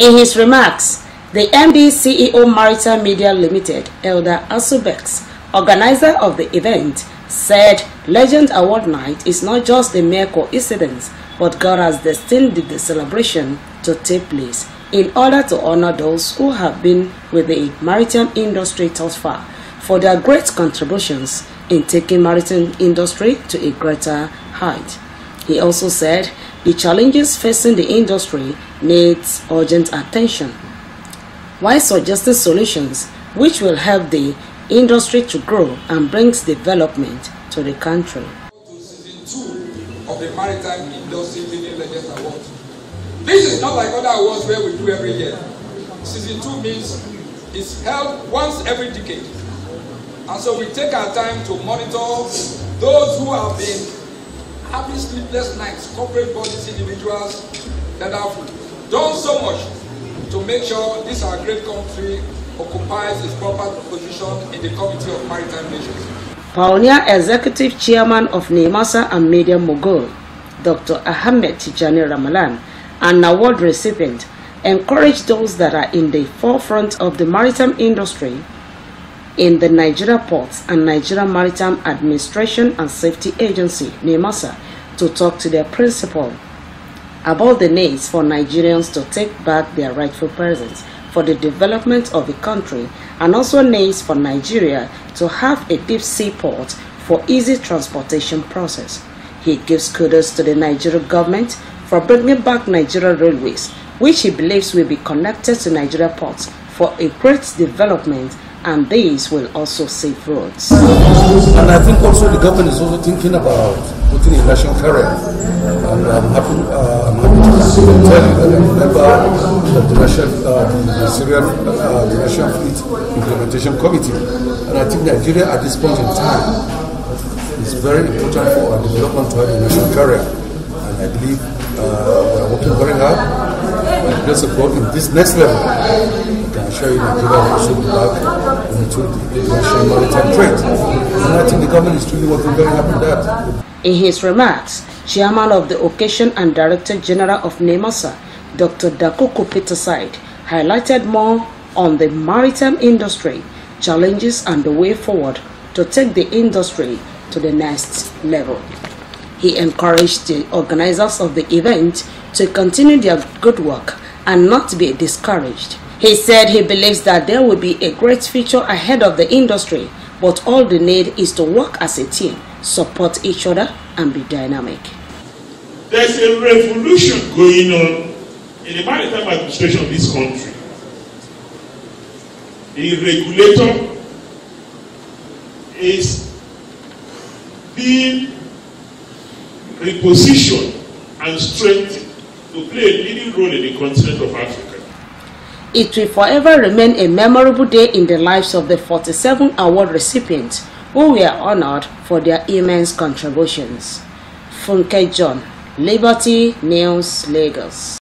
In his remarks, the MD CEO Media Limited, Elder Asubex, organizer of the event, said Legend Award Night is not just a mere coincidence, but God has destined the celebration to take place in order to honor those who have been with the maritime industry thus far for their great contributions in taking maritime industry to a greater height. He also said the challenges facing the industry needs urgent attention. While suggesting solutions which will help the industry to grow and brings development to the country. of the Maritime Industry Legends Award. This is not like other awards where we do every year. Season two means it's held once every decade. And so we take our time to monitor those who have been having sleepless nights, corporate bodies, individuals that have done so much to make sure this our great country occupies its proper position in the Committee of Maritime Nations. Pioneer Executive Chairman of Nemasa and Media Mogul, Dr. Ahmed Tijani Ramalan, an award recipient, encouraged those that are in the forefront of the maritime industry in the Nigeria Ports and Nigeria Maritime Administration and Safety Agency, NEMASA, to talk to their principal about the needs for Nigerians to take back their rightful presence for the development of the country and also needs for Nigeria to have a deep sea port for easy transportation process. He gives kudos to the Nigerian government for bringing back Nigeria railways, which he believes will be connected to Nigeria ports for a great development and these will also save roads. And I think also the government is also thinking about putting a national carrier. And I'm happy, uh, I'm happy to tell you that I remember that the national, uh, the Syrian, uh, the Fleet Implementation Committee. And I think Nigeria at this point in time is very important for our development to have a national carrier. And I believe uh, we are working very hard. And there's support in this next level can show you be in trade. And I think the government is truly working very hard that. In his remarks, Chairman of the Occasion and Director General of NEMASA, Dr. Dakuku Peterside, highlighted more on the maritime industry, challenges and the way forward to take the industry to the next level. He encouraged the organizers of the event to continue their good work and not be discouraged he said he believes that there will be a great future ahead of the industry, but all they need is to work as a team, support each other, and be dynamic. There's a revolution going on in the maritime administration of this country. The regulator is being repositioned and strengthened to play a leading role in the continent of Africa. It will forever remain a memorable day in the lives of the 47 award recipients who were honored for their immense contributions. Funke John, Liberty News Lagos